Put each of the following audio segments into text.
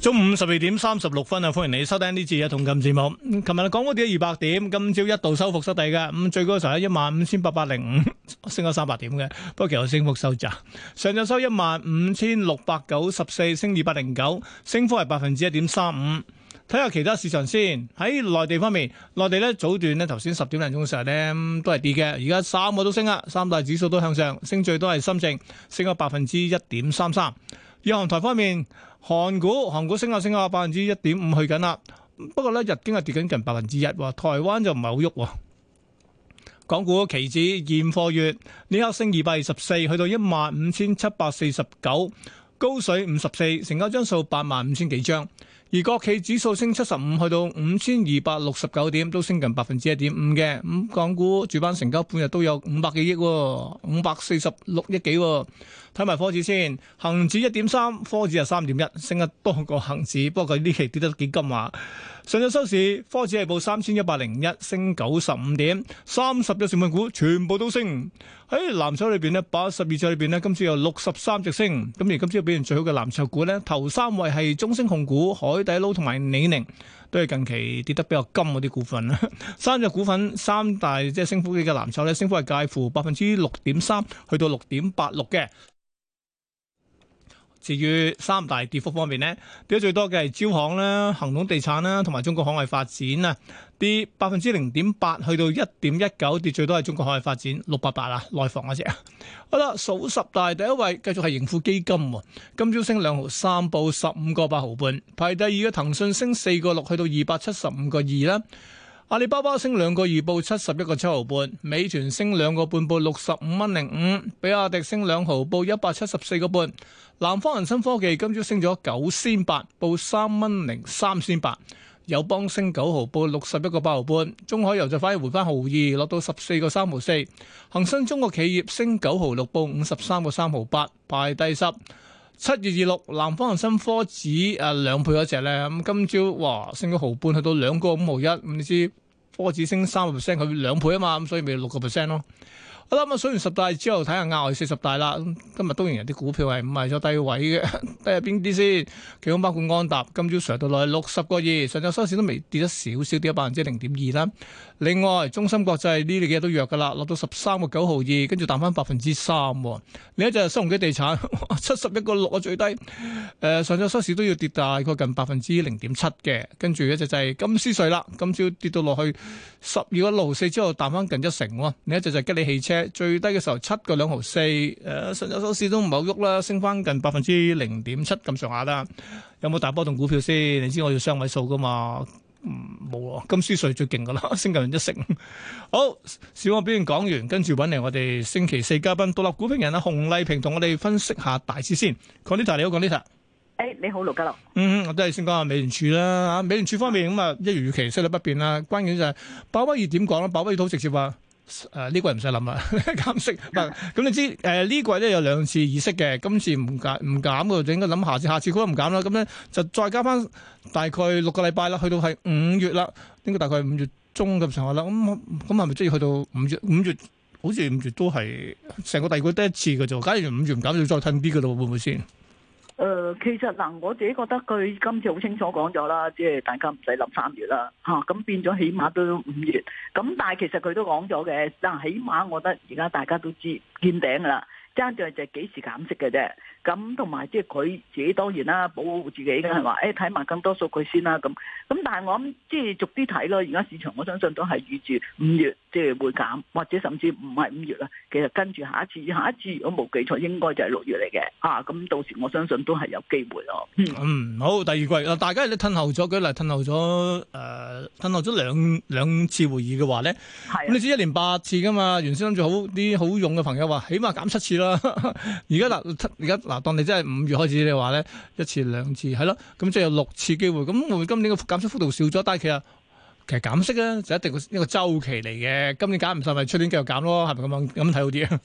中午十二點三十六分啊！歡迎你收聽呢次嘅同感節目。琴日港股跌二百點，今朝一度收復失地嘅，咁最高嘅時候一萬五千八百零五，升咗三百點嘅。不過其實升，升幅收窄，上晝收一萬五千六百九十四，升二百零九，升幅係百分之一點三五。睇下其他市場先，喺內地方面，內地咧早段咧頭先十點零鐘嘅時候咧、嗯、都係跌嘅，而家三個都升啦，三大指數都向上，升最多係深證升咗百分之一點三三。央行台方面。韓股，韓股升下升下，百分之一點五去緊啦。不過咧，日經係跌緊近百分之一。台灣就唔係好喐。港股期指現貨月，呢刻升二百二十四，去到一萬五千七百四十九，高水五十四，成交張數八萬五千幾張。而國企指數升七十五，去到五千二百六十九點，都升近百分之一點五嘅。咁港股主板成交半日都有五百幾億，五百四十六億幾。睇埋科指先，恒指一點三，科指係三點一，升得多過恒指。不過佢呢期跌得幾急啊！上週收市科指係報三千一百零一，升九十五點。三十一成分股全部都升。喺藍籌裏邊呢，八十二隻裏邊呢，今次有六十三隻升。咁而今朝表現最好嘅藍籌股呢，頭三位係中升控股、海。海底撈同埋李寧都係近期跌得比較金嗰啲股份啦， 三隻股份三大即係、就是、升幅嘅藍籌咧，升幅係介乎百分之六點三去到六點八六嘅。至於三大跌幅方面呢跌得最多嘅係招行咧、恆隆地產啦、同埋中國海外發展啊，跌百分之零點八去到一點一九，跌最多係中國海外發展六八八啊，內房嗰隻。 好啦，數十大第一位繼續係盈富基金喎，今朝升兩毫三報十五個八毫半，2, 排第二嘅騰訊升四個六去到二百七十五個二啦。阿里巴巴升兩個二，報七十一個七毫半；美團升兩個半，報六十五蚊零五；比亞迪升兩毫，報一百七十四個半。南方恆生科技今朝升咗九仙八，報三蚊零三仙八。友邦升九毫，報六十一個八毫半。中海油就反而回翻毫二，落到十四個三毫四。恆生中國企業升九毫六，報五十三個三毫八，排第十。七月二六，南方恆生科指誒、呃、兩倍嗰隻咧，咁今朝哇升咗毫半，去到兩個五毫一，唔知。波只升三個 percent，佢兩倍啊嘛，咁所以咪六個 percent 咯。好啦，咁睇完十大之後，睇下額外四十大啦。今日當然有啲股票係唔係咗低位嘅，跌入邊啲先？其中包括安踏，今朝上到落去六十個二，上晝收市都未跌咗少少，跌咗百分之零點二啦。另外，中芯國際呢幾日都弱噶啦，落到十三個九毫二，跟住彈翻百分之三。另一隻係新鴻基地產，七十一個六嘅最低，誒、呃、上晝收市都要跌大概近百分之零點七嘅。跟住一隻就係金斯瑞啦，今朝跌到落去十二個六毫四之後，彈翻近一成。另一隻就係吉利汽車。最低嘅時候七個兩毫四，誒，上日收市都唔好喐啦，升翻近百分之零點七咁上下啦。有冇大波動股票先？你知我要雙位數噶嘛？冇咯，金斯瑞最勁噶啦，升近一成。好，市場表現講完，跟住揾嚟我哋星期四嘉賓獨立股評人阿熊麗萍同我哋分析下大市先。Conita，你好，Conita。誒，你好盧家樂。嗯，我都係先講下美聯儲啦。啊，美聯儲方面咁啊，一如預期息率不變啦。關鍵就係鮑威爾點講咧？鮑威爾好直接話。誒呢、啊、季唔使諗啊減息，唔 咁你知誒、呃、呢季咧有兩次議息嘅，今次唔減唔減嘅就應該諗下次，下次估都唔減啦。咁、嗯、咧就再加翻大概六個禮拜啦，去到係五月啦，應、這、該、個、大概五月中咁上下啦。咁咁係咪即係要去到五月？五月好似五月都係成個第二季得一次嘅就，假如五月唔減，要再褪啲嘅咯，會唔會先？誒、呃，其實嗱，我自己覺得佢今次好清楚講咗啦，即係大家唔使諗三月啦，吓、啊、咁變咗起碼都五月。咁但係其實佢都講咗嘅，但、啊、係起碼我覺得而家大家都知見頂啦，爭住係就幾時減息嘅啫。咁同埋即係佢自己當然啦，保護自己嘅係話，誒睇埋更多數據先啦。咁咁但係我諗即係逐啲睇咯。而家市場我相信都係預住五月。即係會減，或者甚至唔係五月啦。其實跟住下一次，下一次如果冇記錯，應該就係六月嚟嘅。啊，咁到時我相信都係有機會咯。嗯，嗯，好，第二季嗱，大家你褪後咗舉例，褪後咗誒，褪後咗兩兩次會議嘅話咧，咁、啊、你知一年八次噶嘛？原先諗住好啲好用嘅朋友話，起碼減七次啦。而家嗱，而家嗱，當你真係五月開始你話咧，一次兩次係咯，咁即係有六次機會。咁我今年嘅減息幅度少咗，但係其實。其實減息咧，就一定一個周期嚟嘅，今年減唔晒咪出年繼續減咯，係咪咁樣咁睇好啲啊？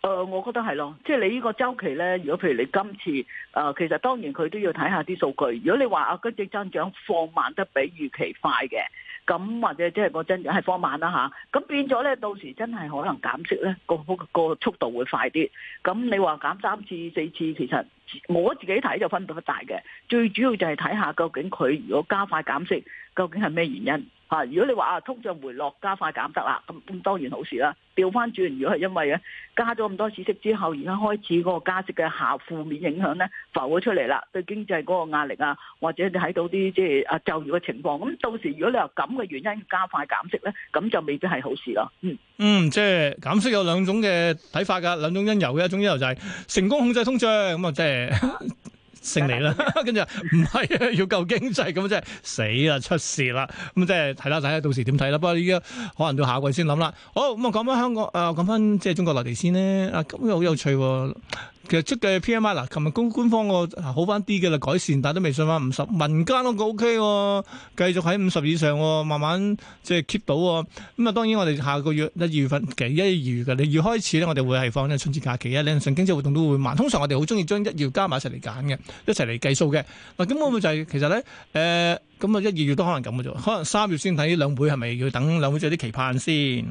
誒、呃，我覺得係咯，即係你個呢個周期咧，如果譬如你今次誒、呃，其實當然佢都要睇下啲數據。如果你話啊，經濟增長放慢得比預期快嘅，咁或者即係個增長係放慢啦吓，咁、啊、變咗咧，到時真係可能減息咧，個個速度會快啲。咁你話減三次四次，其實我自己睇就分別不大嘅。最主要就係睇下究竟佢如果加快減息，究竟係咩原因？啊！如果你話啊，通脹回落加快減得啦，咁咁當然好事啦。調翻轉，如果係因為咧加咗咁多刺激之後，而家開始嗰個加息嘅下負面影響咧浮咗出嚟啦，對經濟嗰個壓力啊，或者你睇到啲即係啊就業嘅情況，咁到時如果你話咁嘅原因加快減息咧，咁就未必係好事咯。嗯嗯，即係減息有兩種嘅睇法噶，兩種因由嘅，一種因由就係成功控制通脹，咁啊即係。就是 勝利啦！跟住唔係啊，要救經濟咁即係死啦出事啦咁即係睇啦睇下，到時點睇啦？不過依家可能到下季先諗啦。好咁啊，講返香港誒，講返即係中國內地先咧。啊，今日好有趣喎、哦！其實即係 PMI 嗱、啊，琴日公官方個好返啲嘅啦，改善，但係都未上返五十。啊、50，民間都個 OK 喎，繼續喺五十以上、啊，慢慢即係 keep 到、啊。咁、嗯、啊，當然我哋下個月一月份，其實一、二月嘅你要開始咧，我哋會係放呢個春節假期啊，連上經濟活動都會慢。通常我哋好中意將一月加埋一齊嚟揀嘅，一齊嚟計數嘅。嗱、啊，咁、嗯、咁就係、其實咧，誒、呃，咁啊一、二月都可能咁嘅啫，可能三月先睇兩會，係咪要等兩會？有啲期盼先。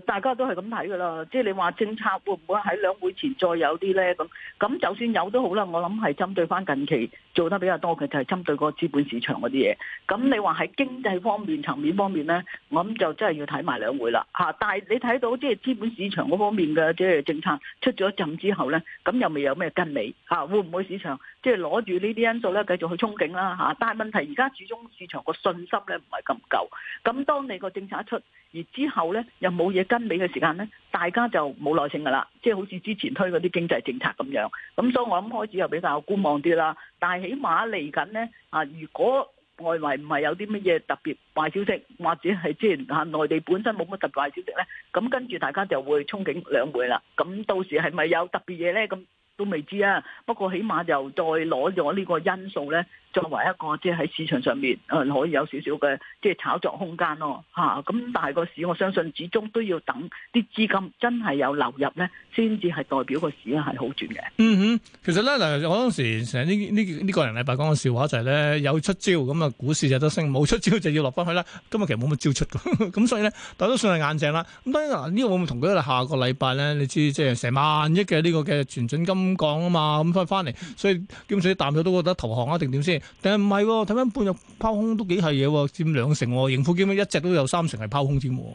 大家都係咁睇噶啦，即係你話政策會唔會喺兩會前再有啲呢？咁咁，就算有都好啦，我諗係針對翻近期做得比較多嘅就係、是、針對嗰個資本市場嗰啲嘢。咁你話喺經濟方面層面方面呢，我諗就真係要睇埋兩會啦吓。但係你睇到即係資本市場嗰方面嘅即係政策出咗陣之、啊就是啊啊、之後呢，咁又未有咩跟尾吓？會唔會市場即係攞住呢啲因素呢繼續去憧憬啦吓？但係問題而家始終市場個信心呢唔係咁夠。咁當你個政策一出而之後呢又冇嘢。跟尾嘅時間呢，大家就冇耐性噶啦，即係好似之前推嗰啲經濟政策咁樣，咁所以我諗開始又比較觀望啲啦。但係起碼嚟緊呢，啊，如果外圍唔係有啲乜嘢特別壞消息，或者係即係啊，內地本身冇乜特別壞消息呢，咁跟住大家就會憧憬兩會啦。咁到時係咪有特別嘢呢？咁都未知啊。不過起碼就再攞咗呢個因素呢。作為一個即係喺市場上面，誒可以有少少嘅即係炒作空間咯，嚇、啊、咁。但係個市，我相信始終都要等啲資金真係有流入咧，先至係代表個市係好轉嘅。嗯哼，其實咧嗱，我當時成日呢呢呢個人禮拜講嘅笑話就係、是、咧，有出招咁啊，股市就得升，冇出招就要落翻去啦。今日其實冇乜招出嘅，咁 所以咧，大都算係硬淨啦。咁當然嗱，呢個會唔會同佢下個禮拜咧，你知即係成萬億嘅呢個嘅存準金降啊嘛，咁翻翻嚟，所以基本上啲淡咗都覺得投降啊，定點先？但係唔係？睇翻半日拋空都幾係嘢，佔兩成。盈富基金一直都有三成係拋空添。誒、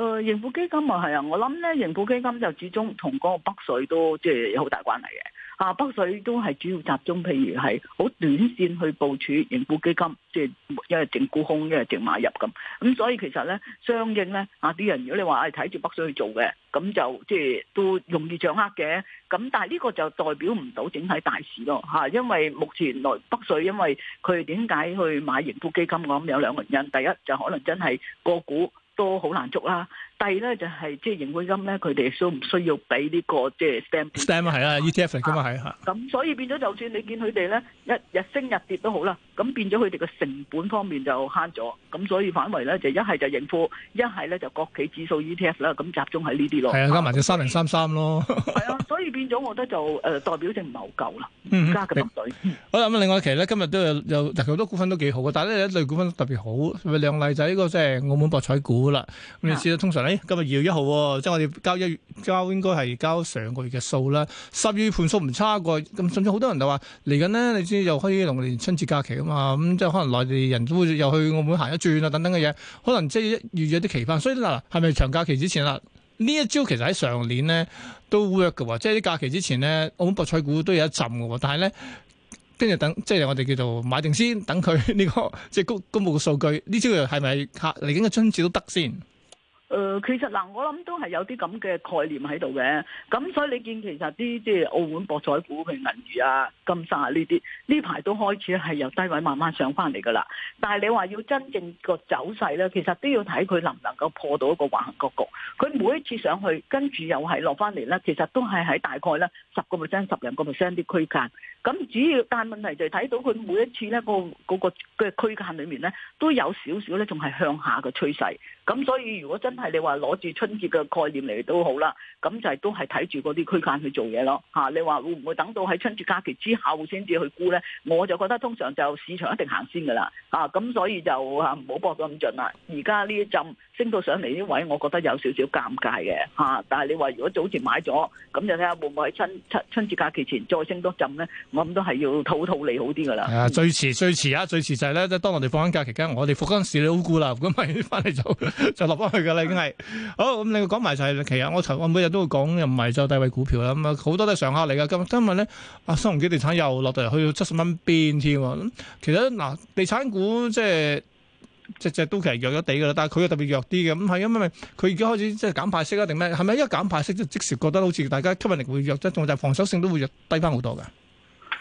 呃，盈富基金啊係啊，我諗咧盈富基金就始終同嗰個北水都即係、呃、有好大關係嘅。啊，北水都係主要集中，譬如係好短線去部署盈富基金，即係一係淨沽空，一係淨買入咁。咁所以其實咧，相應咧，啊啲人如果你話睇住北水去做嘅，咁就即係都容易掌握嘅。咁但係呢個就代表唔到整體大市咯嚇，因為目前來北水因為佢點解去買盈富基金我諗有兩個原因，第一就可能真係個股都好難捉啦。係咧，就係即係盈富金咧，佢哋需唔需要俾呢個即係 stamp？stamp 啊，係啦，ETF 嚟㗎嘛，係嚇。咁所以變咗，就算你見佢哋咧，一日升日跌都好啦，咁變咗佢哋個成本方面就慳咗，咁所以反為咧就一係就盈富，一係咧就國企指數 ETF 啦，咁集中喺呢啲咯。係啊，加埋隻三零三三咯。係啊，所以變咗，我覺得就誒代表性唔係好夠啦，加嘅白水。好啦，咁另外其實咧，今日都有有好多股份都幾好嘅，但係咧有一類股份特別好，咪亮麗就係呢個即係澳門博彩股啦。咁你知啦，通常咧。今日二月一號，哦，即係我哋交一月，交，應該係交上個月嘅數啦。十月盤數唔差過，咁甚至好多人就話嚟緊呢，你知又可以農曆春節假期啊嘛，咁、嗯、即係可能內地人都會又去澳門行一轉啊，等等嘅嘢，可能即係預咗啲期盼。所以嗱，係咪長假期之前啦？呢一招其實喺上年呢都 work 嘅，即係啲假期之前呢，澳門博彩股都有一浸嘅。但係咧，跟住等，即係我哋叫做買定先，等佢呢、這個即係公公布嘅數據。呢招又係咪嚟緊嘅春節都得先？誒、呃，其實嗱、呃，我諗都係有啲咁嘅概念喺度嘅，咁所以你見其實啲即係澳門博彩股譬如銀娛啊、金沙啊呢啲，呢排都開始係由低位慢慢上翻嚟噶啦。但係你話要真正個走勢咧，其實都要睇佢能唔能夠破到一個橫行格局。佢每一次上去，跟住又係落翻嚟咧，其實都係喺大概咧十個 percent、十零個 percent 啲區間。咁主要，但係問題就係睇到佢每一次咧、嗰個、嗰、嗰個嘅區間裏面咧，都有少少咧仲係向下嘅趨勢。咁所以如果真係你話攞住春節嘅概念嚟都好啦，咁就係都係睇住嗰啲區間去做嘢咯嚇。你話會唔會等到喺春節假期之後先至去沽咧？我就覺得通常就市場一定行先㗎啦嚇。咁、啊、所以就嚇唔好搏咁盡啦。而家呢一浸升到上嚟呢位，我覺得有少少尷尬嘅嚇、啊。但係你話如果早前買咗，咁就睇下會唔會喺春春春節假期前再升多浸咧？我諗都係要套套利好啲㗎啦。啊，最遲最遲啊，最遲就係咧，即係當我哋放緊假期間，我哋復緊市你好沽啦。咁咪翻嚟就～ 就落翻去噶啦，已經係好。咁你講埋就係、是，其實我尋我每日都會講，又唔係就低位股票啦。咁啊好多都係常客嚟噶。咁今日咧、啊，新鴻基地產又落到去到七十蚊邊添。咁其實嗱，地產股即係只只都其實弱咗地噶啦。但係佢又特別弱啲嘅。咁係因為佢而家開始即係減派息啊，定咩？係咪一減派息即即時覺得好似大家吸引力會弱咗，仲就係防守性都會弱低翻好多嘅。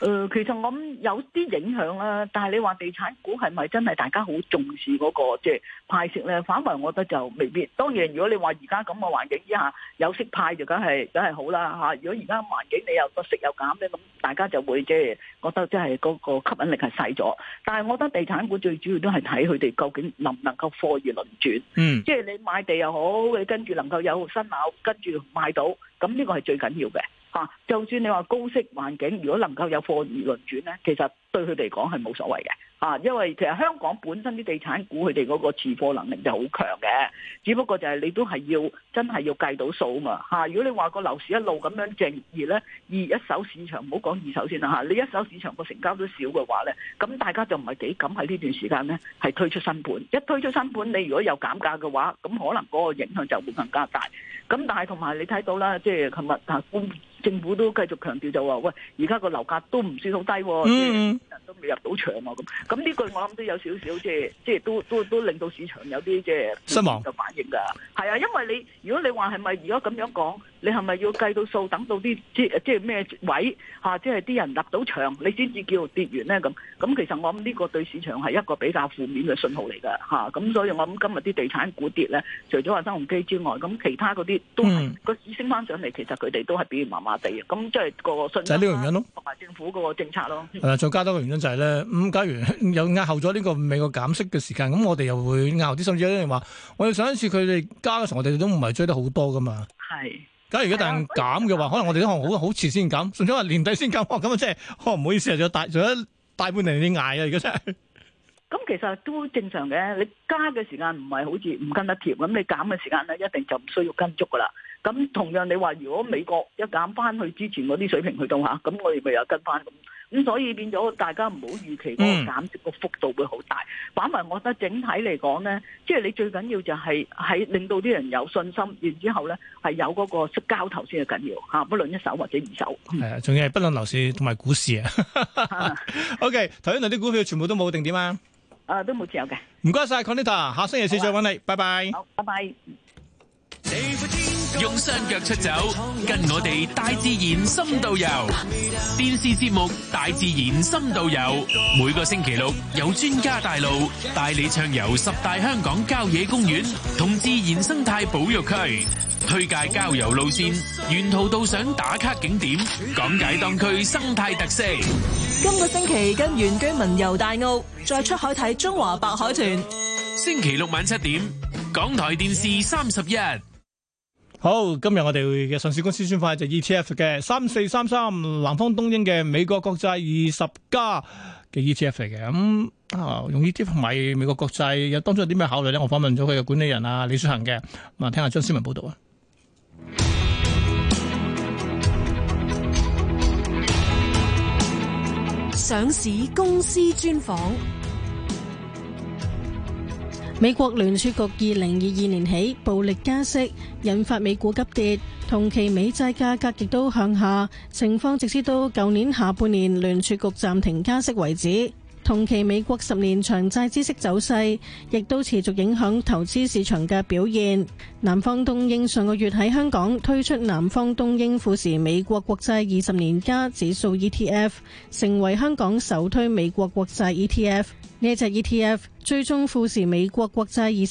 誒，其實我有啲影響啦，但係你話地產股係咪真係大家好重視嗰個即係派息咧？反為我覺得就未必。當然，如果你話而家咁嘅環境之下有息派就梗係梗係好啦吓。如果而家環境你又個息又減咧，咁大家就會即係覺得即係嗰個吸引力係細咗。但係我覺得地產股最主要都係睇佢哋究竟能唔能夠貨如輪轉，嗯，即係你買地又好，你跟住能夠有新樓跟住買到，咁呢個係最緊要嘅。嚇、啊！就算你話高息環境，如果能夠有貨而輪轉呢，其實對佢哋嚟講係冇所謂嘅嚇、啊。因為其實香港本身啲地產股佢哋嗰個持貨能力就好強嘅，只不過就係你都係要真係要計到數嘛嚇、啊。如果你話個樓市一路咁樣正而呢，二一手市場唔好講二手先啦嚇、啊，你一手市場個成交都少嘅話呢，咁大家就唔係幾敢喺呢段時間呢係推出新盤。一推出新盤，你如果有減價嘅話，咁可能嗰個影響就會更加大。咁但係同埋你睇到啦，即係琴日政府都繼續強調就話，喂，而家個樓價都唔算好低、哦，即係、嗯、人都未入到場啊！咁咁呢句我諗都有少少，即係即係都都都令到市場有啲即係失望嘅反應㗎。係啊，因為你如果你話係咪如果咁樣講？你係咪要計到數，等到啲即係即係咩位嚇，即係啲人立到場，你先至叫跌完咧咁？咁其實我諗呢個對市場係一個比較負面嘅信號嚟㗎嚇。咁所以我諗今日啲地產股跌咧，除咗話新鴻基之外，咁其他嗰啲都係個市升翻上嚟，其實佢哋都係表現麻麻地嘅。咁即係個信。就係呢個原因咯，同埋政府嗰個政策咯。係啦，再加多個原因就係咧，咁假如有押後咗呢個美國減息嘅時間，咁我哋又會押後啲，甚至有啲人話我哋上一次佢哋加嘅時候，我哋都唔係追得好多㗎嘛。係。咁而家但減嘅話，的可能我哋啲行好好遲先減，的甚至話年底先減。咁、哦、啊，即係，哦唔好意思啊，仲有大仲有大半年要捱啊！而家真係。咁、嗯、其實都正常嘅，你加嘅時間唔係好似唔跟得貼，咁你減嘅時間咧一定就唔需要跟足噶啦。咁同樣你話，如果美國一減翻去之前嗰啲水平去到嚇，咁我哋咪又跟翻咁。咁所以變咗大家唔好預期個減息個幅度會好大。嗯、反為我覺得整體嚟講咧，即、就、係、是、你最緊要就係喺令到啲人有信心，然之後咧係有嗰個識交投先係緊要嚇，不論一手或者二手。係啊、嗯，仲要係不論樓市同埋股市啊。O K. 頭先嗰啲股票全部都冇定點啊？誒，都冇持有嘅。唔該晒 Conita 下星期四再揾你吧拜拜，拜拜。拜拜。用雙腳出走，跟我哋大自然深度遊。電視節目《大自然深度遊》，每個星期六有專家帶路，帶你暢遊十大香港郊野公園同自然生態保育區，推介郊遊路線，沿途到上打卡景點，講解當區生態特色。今個星期跟原居民遊大澳，再出海睇中華白海豚。星期六晚七點，港台電視三十一。好，今日我哋嘅上市公司專訪就 E T F 嘅三四三三南方東英嘅美國國債二十家嘅 E T F 嚟嘅，咁、嗯、啊用 E T F 買美國國債有當初有啲咩考慮咧？我訪問咗佢嘅管理人啊李雪恒嘅，咁啊聽下張思文報道啊。上市公司專訪。美國聯儲局二零二二年起暴力加息，引發美股急跌，同期美債價格亦都向下，情況直至到舊年下半年聯儲局暫停加息為止。同期美國十年長債孳息走勢亦都持續影響投資市場嘅表現，南方東英上個月喺香港推出南方東英富時美國國債二十年加指數 ETF，成為香港首推美國國債 ETF。呢隻 ETF 追蹤富時美國國債二十年加指數 ETF。